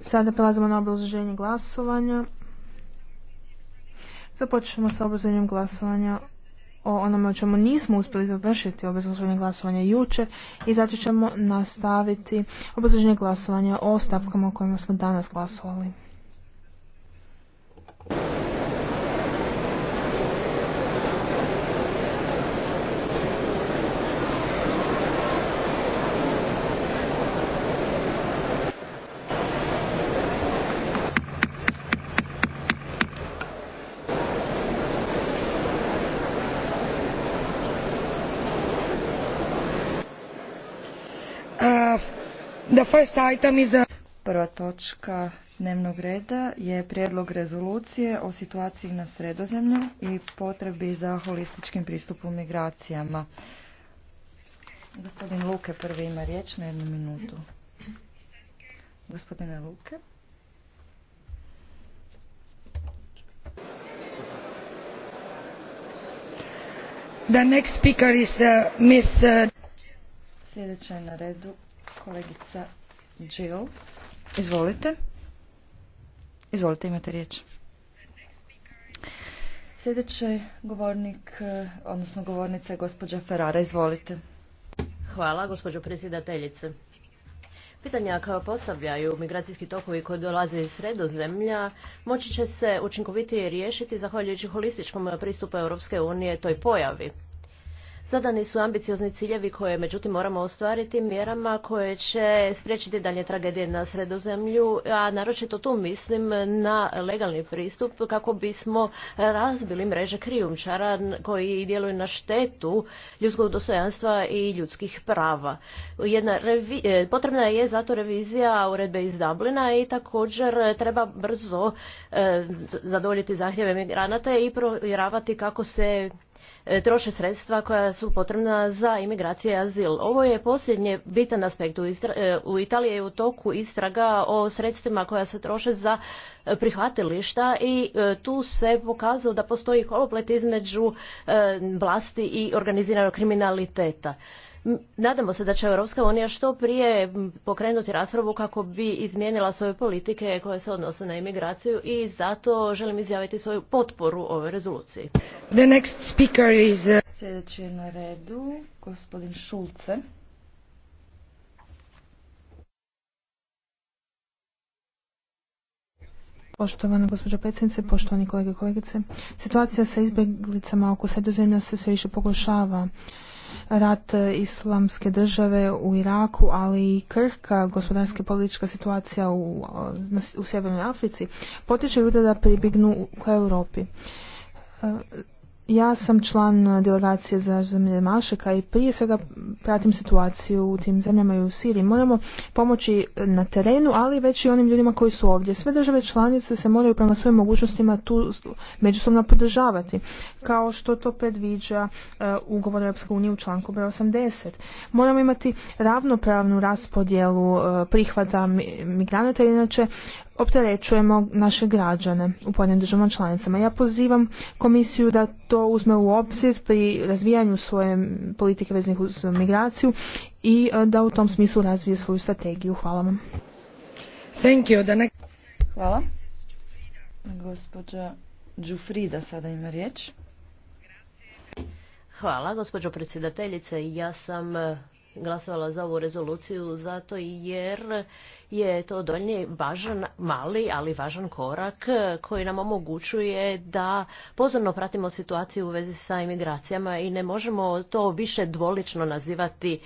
Sada prelazimo na obrazloženje glasovanja. Započnemo sa obrazloženjem glasovanja o onome o čemu nismo uspjeli završiti obrazloženje glasovanja jučer i zato ćemo nastaviti obrazloženje glasovanja o stavkama o kojima smo danas glasovali. Prva točka dnevnog reda je prijedlog rezolucije o situaciji na sredozemlju i potrebi za holističkim pristupom migracijama. Gospodin Luke prvi ima riječ na jednu minutu. Gospodine Luke. The next speaker is uh, uh, Sljedeća je na redu Kolegica Jill, izvolite. Izvolite, imate riječ. Sljedeći govornik, eh, odnosno govornica je gospođa Ferrara, izvolite. Hvala, gospođo predsjedateljice. Pitanja kao posavljaju migracijski tokovi koji dolaze iz sredozemlja moći će se učinkovitije riješiti zahvaljujući holističkom pristupu Europske unije toj pojavi. Zadani su ambiciozni ciljevi koje međutim moramo ostvariti mjerama koje će spriječiti dalje tragedije na sredozemlju, a naročito tu mislim na legalni pristup kako bismo razbili mreže krijumčara koji djeluju na štetu ljudskog dostojanstva i ljudskih prava. Jedna e, potrebna je zato revizija uredbe iz Dublina i također treba brzo e, zadovoljiti zahtjeve migranata i provjeravati kako se E, troše sredstva koja su potrebna za imigracije i azil. Ovo je posljednje bitan aspekt. U, e, Italiji je u toku istraga o sredstvima koja se troše za e, prihvatilišta i tu se pokazao da postoji koloplet između vlasti i organiziranog kriminaliteta. Nadamo se da će Europska unija što prije pokrenuti raspravu kako bi izmijenila svoje politike koje se odnose na imigraciju i zato želim izjaviti svoju potporu ovoj rezoluciji. The next speaker is... Uh, Sljedeći na gospodin Šulce. Poštovana gospođo predsjednice, poštovani kolege i kolegice, situacija sa izbjeglicama oko sredozemlja se sve više pogoršava rat islamske države u Iraku, ali i krhka gospodarska politička situacija u, u Sjevernoj Africi potiče ljude da pribignu u Europi. E, ja sam član eh, delegacije za zemlje Mašeka i prije svega pratim situaciju u tim zemljama i u Siriji. Moramo pomoći eh, na terenu, ali već i onim ljudima koji su ovdje. Sve države članice se moraju prema svojim mogućnostima tu međusobno podržavati, kao što to predviđa eh, ugovor Europske unije u članku b 80. Moramo imati ravnopravnu raspodjelu prihvata migranata, inače opterećujemo naše građane u pojedinim državama članicama. Ja pozivam komisiju da to uzme u obzir pri razvijanju svoje politike veznih uz migraciju i e, da u tom smislu razvije svoju strategiju. Hvala vam. Thank you. Hvala. Gospođa Đufrida sada ima riječ. Hvala, gospođo predsjedateljice. Ja sam e, glasovala za ovu rezoluciju zato jer je to donji važan, mali, ali važan korak koji nam omogućuje da pozorno pratimo situaciju u vezi sa imigracijama i ne možemo to više dvolično nazivati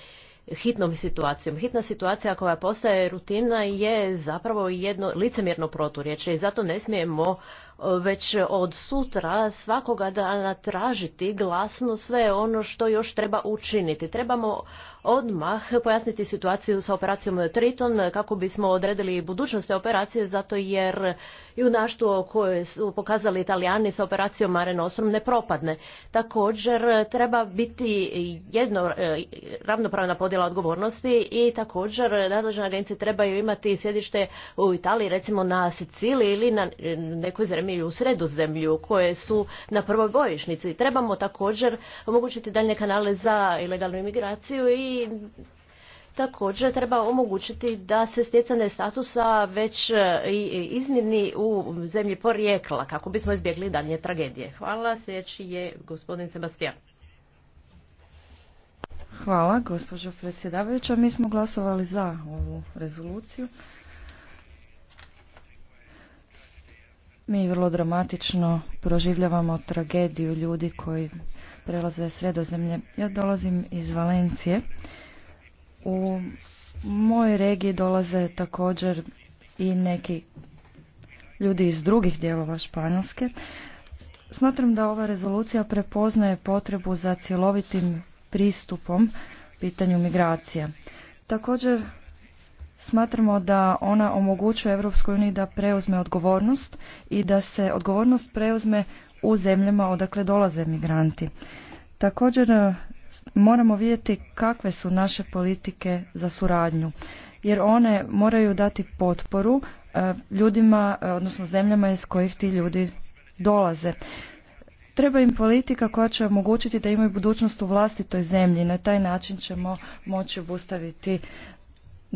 hitnom situacijom. Hitna situacija koja postaje rutina je zapravo jedno licemjerno proturječje i zato ne smijemo već od sutra svakoga dana tražiti glasno sve ono što još treba učiniti. Trebamo odmah pojasniti situaciju sa operacijom Triton kako bismo odredili budućnost operacije zato jer junaštvo koje su pokazali Italijani sa operacijom Mare Nostrum ne propadne. Također treba biti jedno e, ravnopravna podjela odgovornosti i također nadležne agencije trebaju imati sjedište u Italiji recimo na Siciliji ili na nekoj zemlji Sredozemlju u Sredozemlju koje su na prvoj bojišnici. Trebamo također omogućiti daljne kanale za ilegalnu imigraciju i također treba omogućiti da se stjecanje statusa već e, i izmjeni u zemlji porijekla kako bismo izbjegli daljnje tragedije. Hvala, sljedeći je gospodin Sebastian. Hvala, gospođo predsjedavajuća. Mi smo glasovali za ovu rezoluciju Mi vrlo dramatično proživljavamo tragediju ljudi koji prelaze sredozemlje. Ja dolazim iz Valencije. U moj regiji dolaze također i neki ljudi iz drugih dijelova Španjolske. Smatram da ova rezolucija prepoznaje potrebu za cjelovitim pristupom pitanju migracija. Također Smatramo da ona omogućuje Europskoj uniji da preuzme odgovornost i da se odgovornost preuzme u zemljama odakle dolaze migranti. Također e, moramo vidjeti kakve su naše politike za suradnju jer one moraju dati potporu e, ljudima, e, odnosno zemljama iz kojih ti ljudi dolaze. Treba im politika koja će omogućiti da imaju budućnost u vlastitoj zemlji. Na taj način ćemo moći obustaviti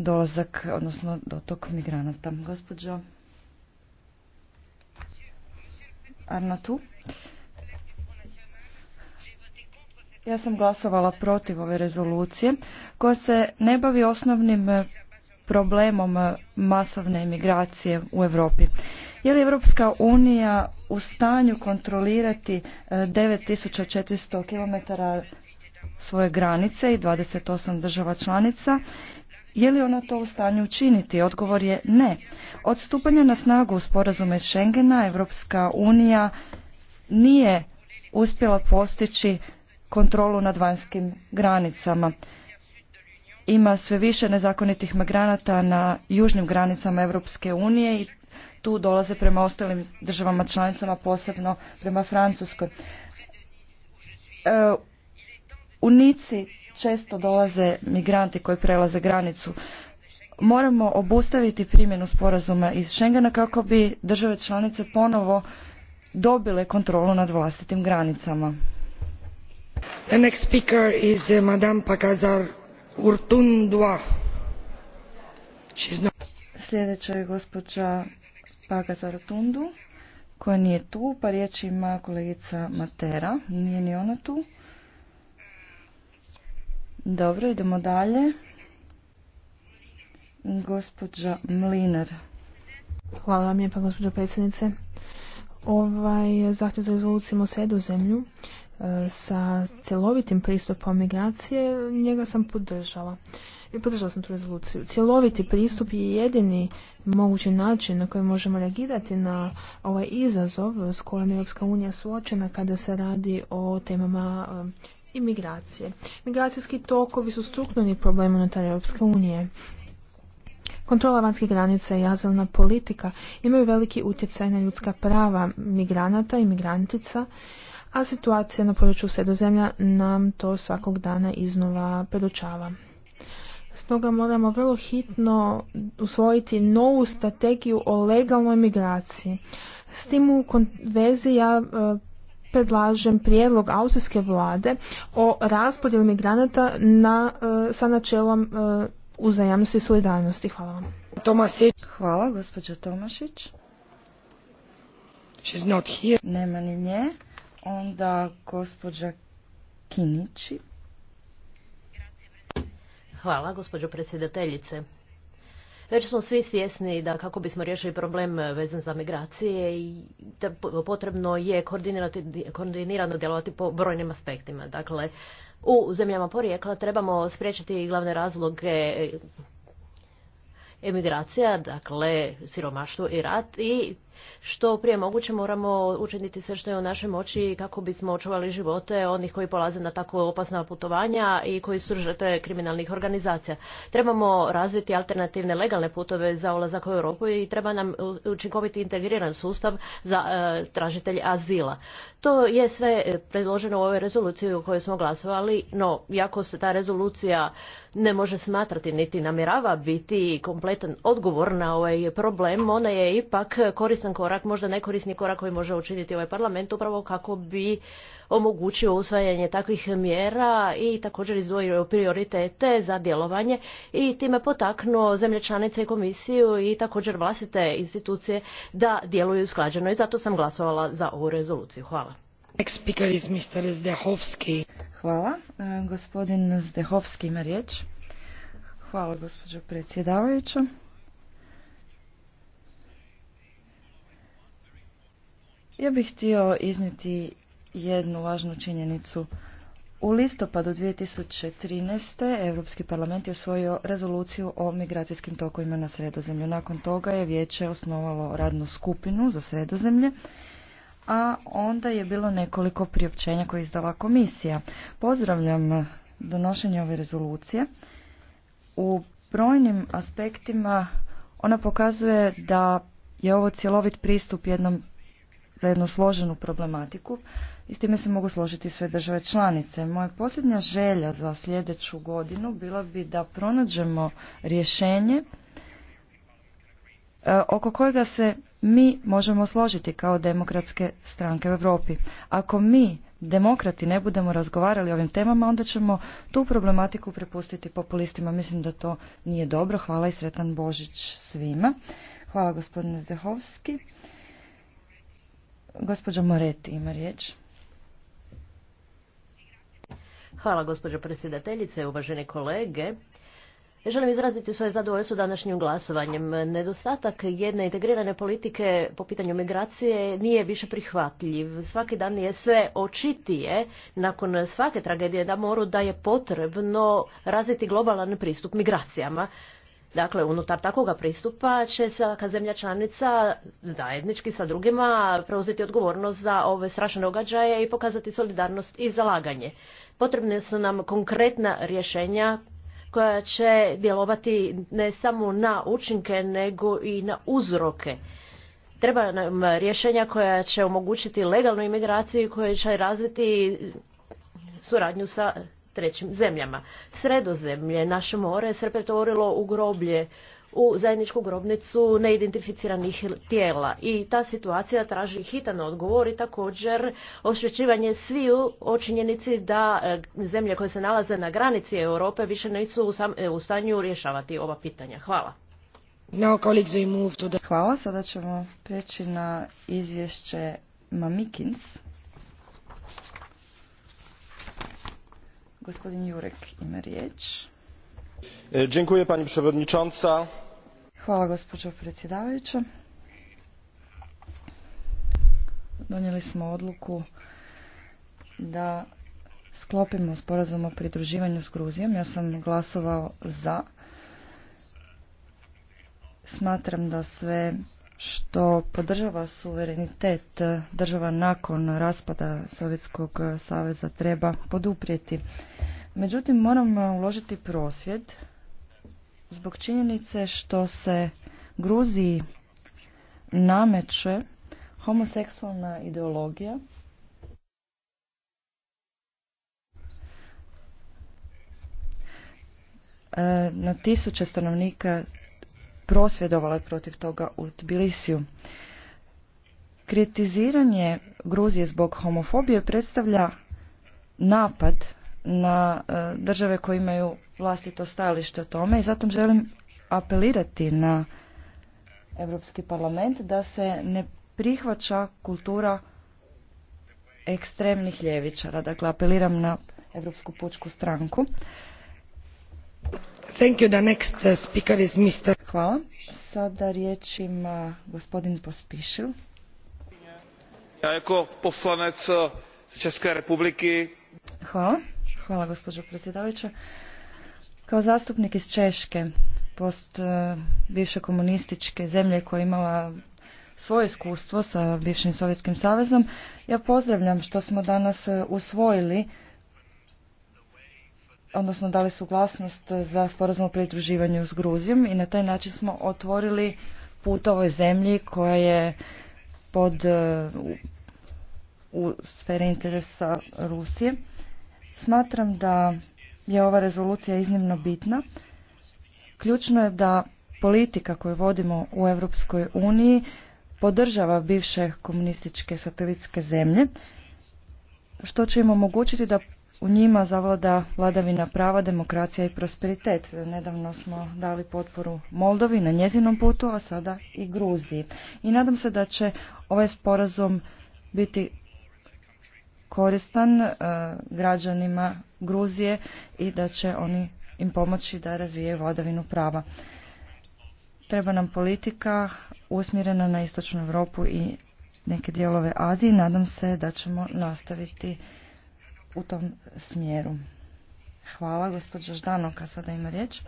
dolazak, odnosno dotok migranata. Gospođo Arnatu. Ja sam glasovala protiv ove rezolucije koja se ne bavi osnovnim eh, problemom eh, masovne imigracije u Europi. Je li Europska unija u stanju kontrolirati 9400 eh, km svoje granice i 28 država članica je li ona to u stanju učiniti? Odgovor je ne. Od stupanja na snagu sporazuma iz Schengena, Evropska unija nije uspjela postići kontrolu nad vanjskim granicama. Ima sve više nezakonitih migranata na južnim granicama Evropske unije i tu dolaze prema ostalim državama članicama, posebno prema Francuskoj. E, u Nici često dolaze migranti koji prelaze granicu. Moramo obustaviti primjenu sporazuma iz Schengena kako bi države članice ponovo dobile kontrolu nad vlastitim granicama. next eh, Urtundua. Sljedeća je gospođa Pagazar Tundu koja nije tu, pa riječ ima kolegica Matera, nije ni ona tu. Dobro, idemo dalje. Gospođa Mlinar. Hvala vam lijepa, gospođo predsjednice. Ovaj zahtjev za rezolucijom o zemlju e, sa cjelovitim pristupom migracije, njega sam podržala. I podržala sam tu rezoluciju. Cjeloviti pristup je jedini mogući način na koji možemo reagirati na ovaj izazov s kojom je Europska unija suočena kada se radi o temama e, i Migracijski tokovi su strukturni problem unutar Europske unije. Kontrola vanjskih granica i jazelna politika imaju veliki utjecaj na ljudska prava migranata i migrantica, a situacija na području sredozemlja nam to svakog dana iznova predočava. Stoga moramo vrlo hitno usvojiti novu strategiju o legalnoj migraciji. S tim u vezi ja e, predlažem prijedlog austrijske vlade o raspodjeli migranata na, e, sa načelom e, uzajamnosti i solidarnosti. Hvala vam. Tomasić. Hvala, gospođa Tomašić. She's not here. Nema ni nje. Onda gospođa Kinići. Hvala, gospođo predsjedateljice. Već znači, smo svi svjesni da kako bismo riješili problem e, vezan za migracije i potrebno je koordinirano djelovati po brojnim aspektima. Dakle, u zemljama porijekla trebamo spriječiti glavne razloge e, emigracija, dakle siromaštvo i rat i što prije moguće moramo učiniti sve što je u našoj moći kako bismo očuvali živote onih koji polaze na tako opasna putovanja i koji su žrtve kriminalnih organizacija. Trebamo razviti alternativne legalne putove za ulazak u Europu i treba nam učinkoviti integriran sustav za e, tražitelj azila. To je sve predloženo u ovoj rezoluciji u kojoj smo glasovali, no jako se ta rezolucija ne može smatrati niti namjerava biti kompletan odgovor na ovaj problem, ona je ipak korisna korak, možda nekorisni korak koji može učiniti ovaj parlament upravo kako bi omogućio usvajanje takvih mjera i također izvojio prioritete za djelovanje i time potaknuo zemlje članice i komisiju i također vlastite institucije da djeluju usklađeno i zato sam glasovala za ovu rezoluciju. Hvala. Hvala. E, gospodin Zdehovski ima riječ. Hvala gospođo predsjedavajuća. Ja bih htio iznijeti jednu važnu činjenicu. U listopadu 2013. Europski parlament je osvojio rezoluciju o migracijskim tokovima na sredozemlju. Nakon toga je vijeće osnovalo radnu skupinu za sredozemlje, a onda je bilo nekoliko priopćenja koje je izdala komisija. Pozdravljam donošenje ove rezolucije. U brojnim aspektima ona pokazuje da je ovo cjelovit pristup jednom za jednu složenu problematiku i s time se mogu složiti sve države članice. Moja posljednja želja za sljedeću godinu bila bi da pronađemo rješenje e, oko kojega se mi možemo složiti kao demokratske stranke u Europi. Ako mi demokrati ne budemo razgovarali o ovim temama, onda ćemo tu problematiku prepustiti populistima. Mislim da to nije dobro. Hvala i sretan Božić svima. Hvala gospodine Zdehovski. Gospođa Moreti ima riječ. Hvala gospođo predsjedateljice, uvažene kolege. Želim izraziti svoje zadovoljstvo današnjim glasovanjem. Nedostatak jedne integrirane politike po pitanju migracije nije više prihvatljiv. Svaki dan je sve očitije nakon svake tragedije na moru da je potrebno razviti globalan pristup migracijama. Dakle, unutar takvoga pristupa će svaka zemlja članica zajednički sa drugima preuzeti odgovornost za ove strašne događaje i pokazati solidarnost i zalaganje. Potrebne su nam konkretna rješenja koja će djelovati ne samo na učinke nego i na uzroke. Treba nam rješenja koja će omogućiti legalnu imigraciju i koja će razviti suradnju sa trećim zemljama. Sredozemlje, naše more, se pretvorilo u groblje, u zajedničku grobnicu neidentificiranih tijela. I ta situacija traži hitan odgovor i također osjećivanje sviju očinjenici da e, zemlje koje se nalaze na granici Europe više nisu u e, stanju rješavati ova pitanja. Hvala. Hvala, sada ćemo preći na izvješće Mamikins. Gospodin Jurek ima e, Hvala gospođo predsjedavajuća. Donijeli smo odluku da sklopimo sporazum o pridruživanju s Gruzijom. Ja sam glasovao za. Smatram da sve što podržava suverenitet država nakon raspada Sovjetskog saveza treba poduprijeti. Međutim, moram uložiti prosvjed zbog činjenice što se Gruziji nameće homoseksualna ideologija e, na tisuće stanovnika prosvjedovala protiv toga u Tbilisiju. Kritiziranje Gruzije zbog homofobije predstavlja napad na e, države koje imaju vlastito stajalište o tome i zato želim apelirati na Europski parlament da se ne prihvaća kultura ekstremnih ljevičara. Dakle, apeliram na Europsku pučku stranku. Thank you. The next speaker is Mr. Hvala. Sada riječ gospodin Pospišil. Ja jako poslanec eh, z České republiky. Hvala. Hvala gospođo predsjedavajuća. Kao zastupnik iz Češke, post eh, bivše komunističke zemlje koja je imala svoje iskustvo sa bivšim Sovjetskim savezom, ja pozdravljam što smo danas eh, usvojili odnosno dali suglasnost za sporazum o pridruživanju s Gruzijom i na taj način smo otvorili put ovoj zemlji koja je pod e, u, u sferi interesa Rusije. Smatram da je ova rezolucija iznimno bitna. Ključno je da politika koju vodimo u Europskoj uniji podržava bivše komunističke satelitske zemlje, što će im omogućiti da u njima zavlada vladavina prava, demokracija i prosperitet. Nedavno smo dali potporu Moldovi na njezinom putu, a sada i Gruziji. I nadam se da će ovaj sporazum biti koristan eh, građanima Gruzije i da će oni im pomoći da razvije vladavinu prava. Treba nam politika usmjerena na istočnu Europu i neke dijelove Azije. Nadam se da ćemo nastaviti u tom smjeru. Hvala, gospođa Ždanoka sada ima riječ.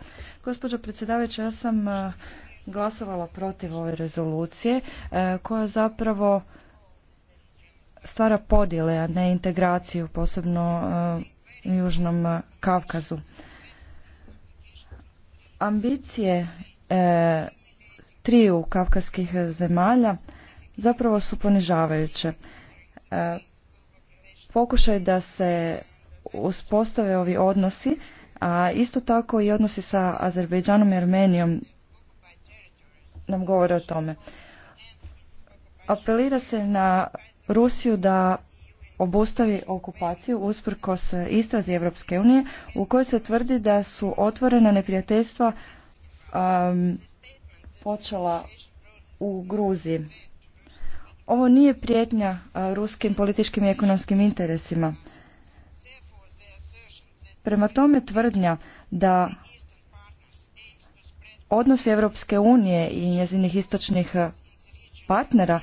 Gospođo predsjedavajuća, ja sam e, glasovala protiv ove rezolucije e, koja zapravo stvara podjele, a ne integraciju, posebno e, u Južnom Kavkazu. Ambicije triju kavkaskih zemalja zapravo su ponižavajuće pokušaj da se uspostave ovi odnosi, a isto tako i odnosi sa Azerbejdžanom i Armenijom nam govore o tome. Apelira se na Rusiju da obustavi okupaciju usprkos istrazi Europske unije u kojoj se tvrdi da su otvorena neprijateljstva počela u Gruziji. Ovo nije prijetnja e, ruskim političkim i ekonomskim interesima. Prema tome tvrdnja da odnosi Europske unije i njezinih istočnih partnera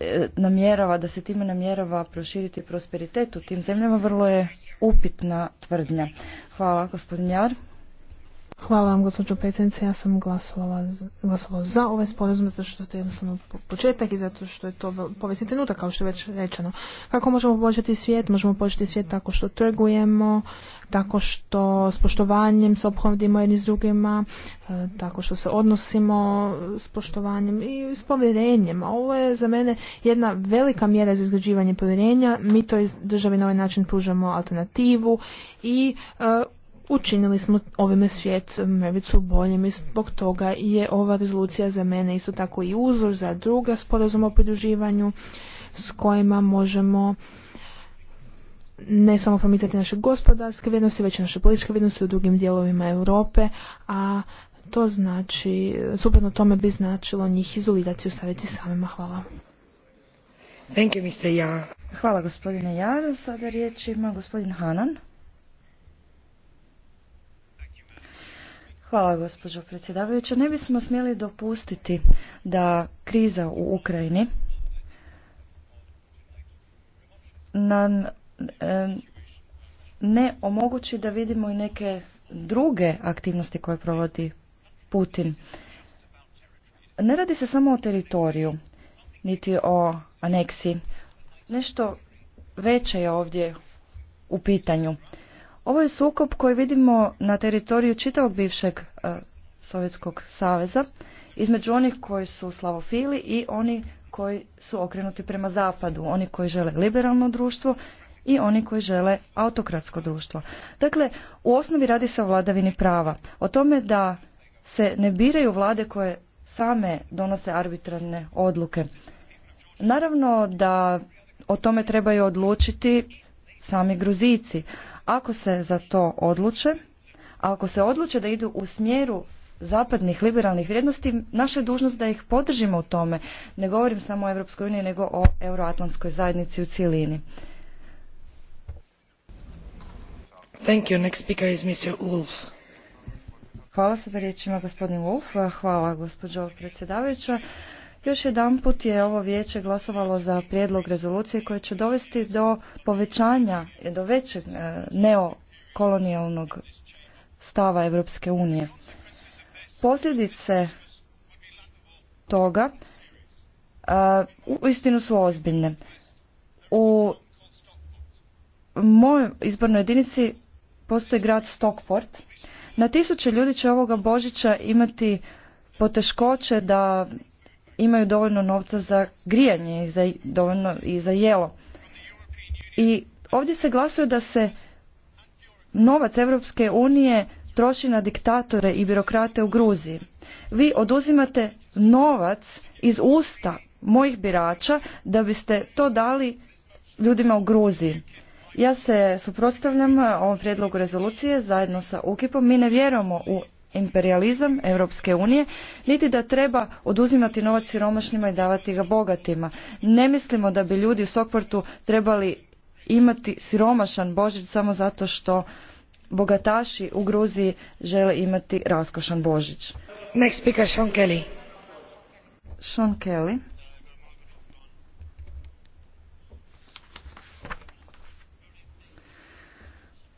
e, namjerava, da se time namjerava proširiti prosperitet u tim zemljama, vrlo je upitna tvrdnja. Hvala, gospodin Jar. Hvala vam, gospođo predsjednice. Ja sam glasovala, za ovaj sporazum zato što je to početak i zato što je to povijesni trenutak, kao što je već rečeno. Kako možemo poboljšati svijet? Možemo poboljšati svijet tako što trgujemo, tako što s poštovanjem se obhodimo jedni s drugima, e, tako što se odnosimo s poštovanjem i s povjerenjem. Ovo je za mene jedna velika mjera za izgrađivanje povjerenja. Mi to iz državi na ovaj način pružamo alternativu i e, Učinili smo ovime svijet eh, mrvicu boljim i zbog toga je ova rezolucija za mene isto tako i uzor za druga sporazuma o pridruživanju s kojima možemo ne samo promicati naše gospodarske vrijednosti, već i naše političke vrijednosti u drugim dijelovima Europe, a to znači, suprotno tome bi značilo njih izolirati i ostaviti samima. Hvala. Thank you, Mr. Ja. Hvala gospodine ja Sada riječ ima gospodin Hanan. Hvala gospođo predsjedavajuća. Ne bismo smjeli dopustiti da kriza u Ukrajini nam e, ne omogući da vidimo i neke druge aktivnosti koje provodi Putin. Ne radi se samo o teritoriju, niti o aneksiji. Nešto veće je ovdje u pitanju. Ovo je sukob koji vidimo na teritoriju čitavog bivšeg e, Sovjetskog saveza između onih koji su slavofili i oni koji su okrenuti prema zapadu, oni koji žele liberalno društvo i oni koji žele autokratsko društvo. Dakle, u osnovi radi se o vladavini prava, o tome da se ne biraju vlade koje same donose arbitrarne odluke. Naravno da o tome trebaju odlučiti sami Gruzici, ako se za to odluče, ako se odluče da idu u smjeru zapadnih liberalnih vrijednosti, naša je dužnost da ih podržimo u tome. Ne govorim samo o Europskoj uniji, nego o euroatlantskoj zajednici u cijelini. Thank you. Next speaker is Mr. Hvala se riječima gospodin Wolf. Hvala gospođo predsjedavajuća. Još jedan put je ovo vijeće glasovalo za prijedlog rezolucije koje će dovesti do povećanja, do većeg e, neokolonijalnog stava Europske unije. Posljedice toga e, u uistinu su ozbiljne. U mojoj izbornoj jedinici postoji grad Stockport. Na tisuće ljudi će ovoga Božića imati poteškoće da imaju dovoljno novca za grijanje i za, dovoljno i za jelo. I ovdje se glasuje da se novac Europske unije troši na diktatore i birokrate u Gruziji. Vi oduzimate novac iz usta mojih birača da biste to dali ljudima u Gruziji. Ja se suprotstavljam ovom prijedlogu rezolucije zajedno sa UKIP-om. Mi ne vjerujemo u imperializam Europske unije, niti da treba oduzimati novac siromašnima i davati ga bogatima. Ne mislimo da bi ljudi u Sokportu trebali imati siromašan Božić samo zato što bogataši u Gruziji žele imati raskošan Božić. Next speaker, Sean Kelly. Sean Kelly.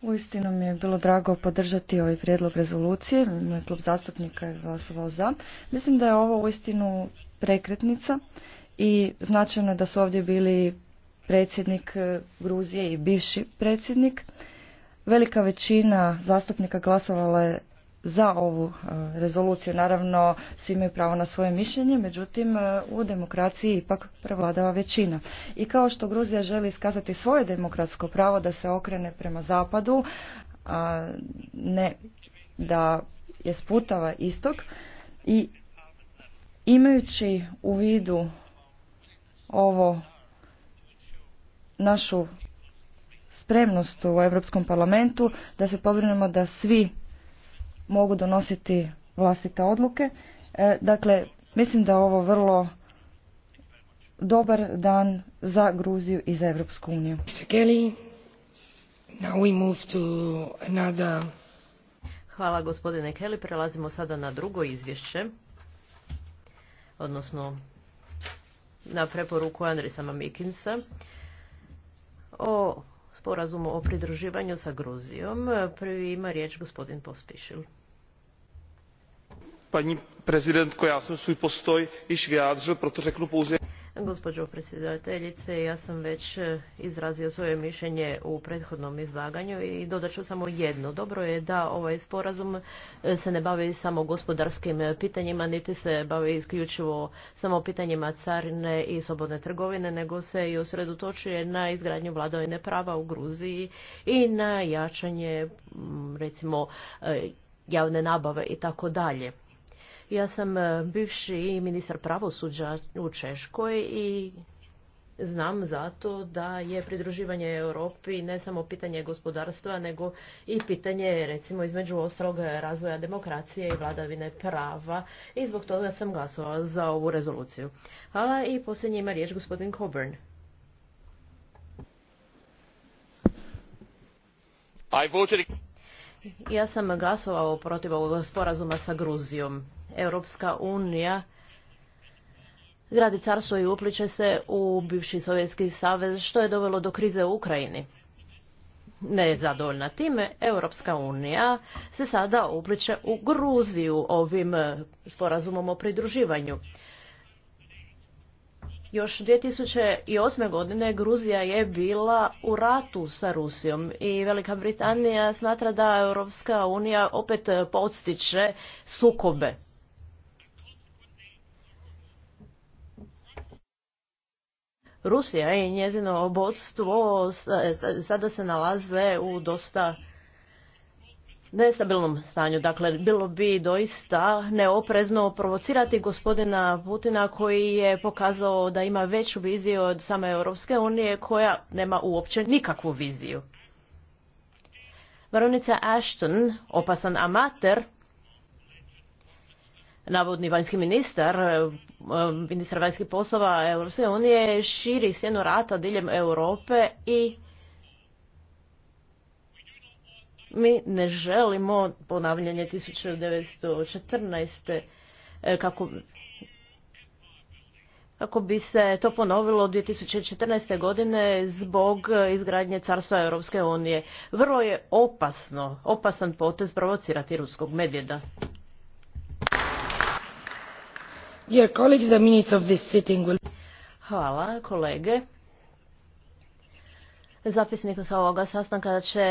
Uistinu mi je bilo drago podržati ovaj prijedlog rezolucije. Moj klub zastupnika je glasovao za. Mislim da je ovo uistinu prekretnica i značajno je da su ovdje bili predsjednik e, Gruzije i bivši predsjednik. Velika većina zastupnika glasovala je za ovu e, rezoluciju. Naravno, svi imaju pravo na svoje mišljenje, međutim, e, u demokraciji ipak prevladava većina. I kao što Gruzija želi iskazati svoje demokratsko pravo da se okrene prema zapadu, a ne da je sputava istok i imajući u vidu ovo našu spremnost u Europskom parlamentu da se pobrinemo da svi mogu donositi vlastite odluke. E, dakle, mislim da je ovo vrlo dobar dan za Gruziju i za Europsku uniju. Hvala gospodine Kelly. Prelazimo sada na drugo izvješće, odnosno na preporuku Andrisa Mamikinsa o sporazumu o pridruživanju sa Gruzijom. Prvi ima riječ gospodin Pospišil paní prezidentko já jsem svůj postoj již vyjádřil proto řeknu pouze. gospođo predsjedateljice ja sam već e, izrazio svoje mišljenje u prethodnom izlaganju i dodat ću samo jedno dobro je da ovaj sporazum e, se ne bavi samo gospodarskim e, pitanjima niti se bavi isključivo samo pitanjima carine i slobodne trgovine nego se i usredotočuje na izgradnju vladavine prava u gruziji i na jačanje recimo javne nabave i tako dalje ja sam e, bivši ministar pravosuđa u Češkoj i znam zato da je pridruživanje Europi ne samo pitanje gospodarstva, nego i pitanje, recimo, između ostalog razvoja demokracije i vladavine prava i zbog toga sam glasovao za ovu rezoluciju. Hvala i posljednji ima riječ gospodin Coburn. Ja sam glasovao protiv ovog sporazuma sa Gruzijom. Europska unija gradi carstvo i upliče se u bivši Sovjetski savez, što je dovelo do krize u Ukrajini. Nezadovoljna time, Europska unija se sada upliče u Gruziju ovim sporazumom o pridruživanju. Još 2008. godine Gruzija je bila u ratu sa Rusijom i Velika Britanija smatra da Europska unija opet podstiče sukobe. Rusija i njezino obodstvo sada se nalaze u dosta nestabilnom stanju. Dakle, bilo bi doista neoprezno provocirati gospodina Putina koji je pokazao da ima veću viziju od same Europske unije koja nema uopće nikakvu viziju. Varunica Ashton, opasan amater, navodni vanjski ministar, e, e, ministar vanjskih poslova Europske unije, širi sjenu rata diljem Europe i mi ne želimo ponavljanje 1914. E, kako kako bi se to ponovilo 2014. godine zbog izgradnje carstva Europske unije. Vrlo je opasno, opasan potez provocirati ruskog medvjeda. Hvala kolege. Zapisnik sa ovoga sastanka će